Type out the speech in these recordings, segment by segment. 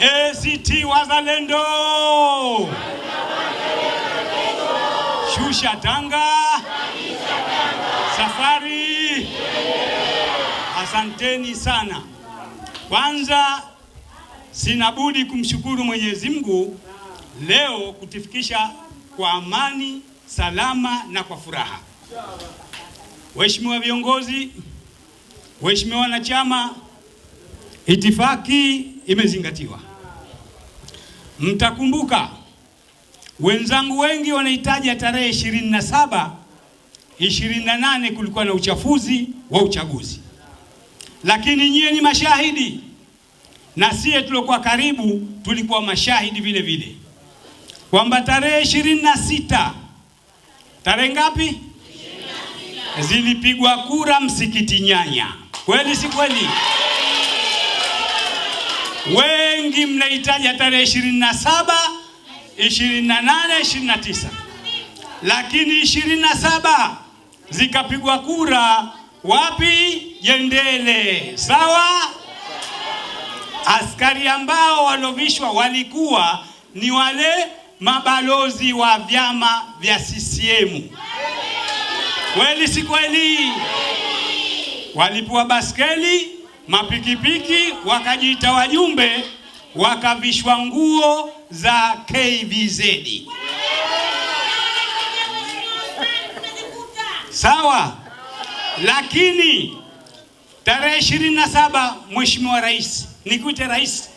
ACT Wazalendo, shusha tanga, safari. Asanteni sana. Kwanza sina budi kumshukuru Mwenyezi Mungu leo kutifikisha kwa amani salama na kwa furaha. Waheshimiwa viongozi, waheshimiwa wanachama, itifaki imezingatiwa. Mtakumbuka wenzangu wengi wanahitaji tarehe ishirini na saba ishirini na nane kulikuwa na uchafuzi wa uchaguzi, lakini nyie ni mashahidi na siye tuliokuwa karibu tulikuwa mashahidi vile vile kwamba tarehe ishirini na sita tarehe ngapi zilipigwa kura msikiti Nyanya, kweli si kweli? Wengi mnahitaji tarehe 27, 28, 29, lakini 27 zikapigwa kura wapi? Jendele. Sawa, askari ambao walovishwa walikuwa ni wale mabalozi wa vyama vya CCM. Kweli si kweli? Walipua baskeli mapikipiki wakajiita wajumbe, wakavishwa nguo za KVZ. Sawa, lakini tarehe ishirini na saba Mheshimiwa Rais, nikuite rais,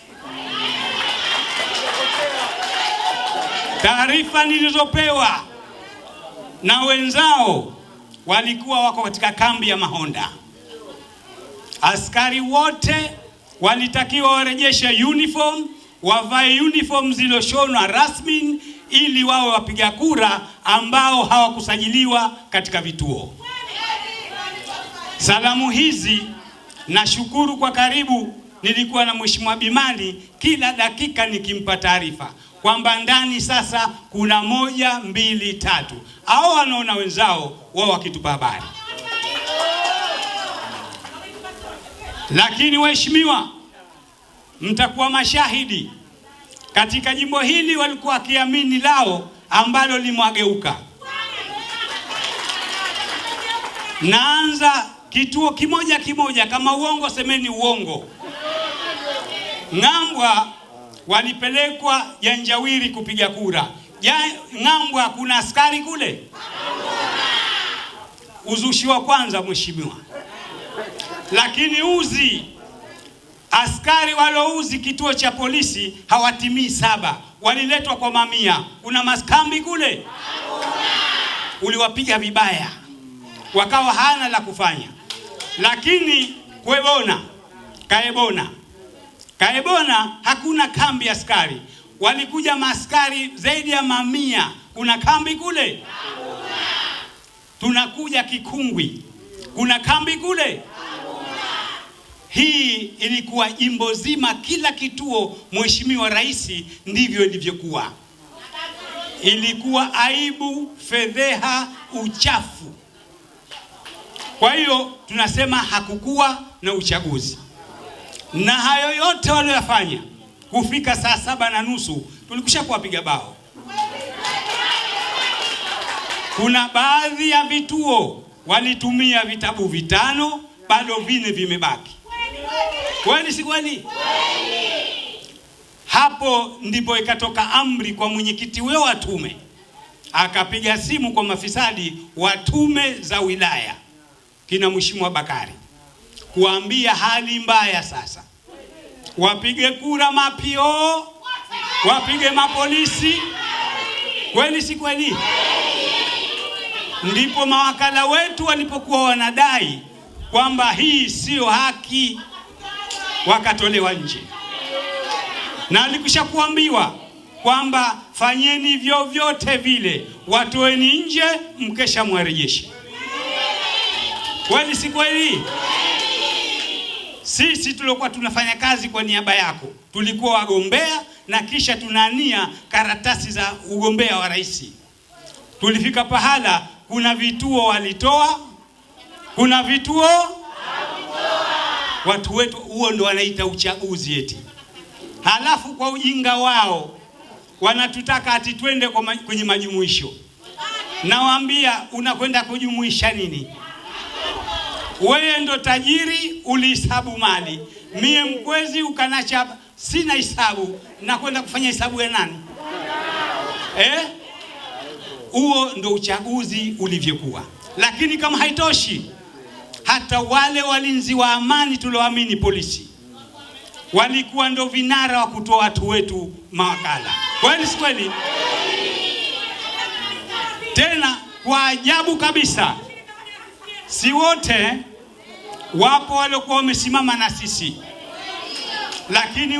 taarifa nilizopewa na wenzao walikuwa wako katika kambi ya Mahonda. Askari wote walitakiwa warejeshe uniform, wavae uniform zilizoshonwa rasmi ili wawe wapiga kura ambao hawakusajiliwa katika vituo. Salamu hizi nashukuru kwa karibu, nilikuwa na Mheshimiwa Bimani kila dakika nikimpa taarifa kwamba ndani sasa kuna moja, mbili, tatu, Hao wanaona wenzao wao wakitupa habari. Lakini waheshimiwa, mtakuwa mashahidi katika jimbo hili walikuwa wakiamini lao ambalo limwageuka. Naanza kituo kimoja kimoja, kama uongo semeni uongo. Ng'ambwa walipelekwa Janjawiri kupiga kura ja, Ng'ambwa kuna askari kule. Uzushi wa kwanza, mheshimiwa lakini uzi askari walouzi kituo cha polisi hawatimii saba, waliletwa kwa mamia. Una maskambi kule, uliwapiga vibaya, wakawa hana la kufanya. Lakini kwebona kaebona kaebona hakuna kambi askari, walikuja maskari zaidi ya mamia. Kuna kambi kule? Tunakuja Kikungwi, kuna kambi kule? Hii ilikuwa jimbo zima, kila kituo. Mheshimiwa Rais, ndivyo ilivyokuwa. Ilikuwa aibu, fedheha, uchafu. Kwa hiyo tunasema hakukuwa na uchaguzi, na hayo yote walioyafanya kufika saa saba na nusu tulikusha kuwapiga bao. Kuna baadhi ya vituo walitumia vitabu vitano, bado vine vimebaki. Kweli si kweli? Hapo ndipo ikatoka amri kwa mwenyekiti huyo wa tume, akapiga simu kwa mafisadi wa tume za wilaya kina Mheshimiwa Bakari kuambia hali mbaya sasa, wapige kura mapio, wapige mapolisi. Kweli si kweli? Ndipo mawakala wetu walipokuwa wanadai kwamba hii siyo haki wakatolewa nje, na alikisha kuambiwa kwamba fanyeni vyovyote vile, watoeni nje, mkesha mwarejeshe. Kweli si kweli? Sisi tuliokuwa tunafanya kazi kwa niaba yako tulikuwa wagombea na kisha tunania karatasi za ugombea wa rais. Tulifika pahala, kuna vituo walitoa, kuna vituo watu wetu, huo ndo wanaita uchaguzi eti. Halafu kwa ujinga wao wanatutaka ati twende kwenye majumuisho. Nawaambia, unakwenda kujumuisha nini? Wewe ndo tajiri, ulihesabu mali, mie mkwezi ukanacha sina hesabu, nakwenda kufanya hesabu ya nani? Eh? Huo ndo uchaguzi ulivyokuwa. Lakini kama haitoshi hata wale walinzi wa amani tulioamini polisi walikuwa ndo vinara wa kutoa watu wetu mawakala. Kweli si kweli? Tena kwa ajabu kabisa, si wote wapo waliokuwa wamesimama na sisi, lakini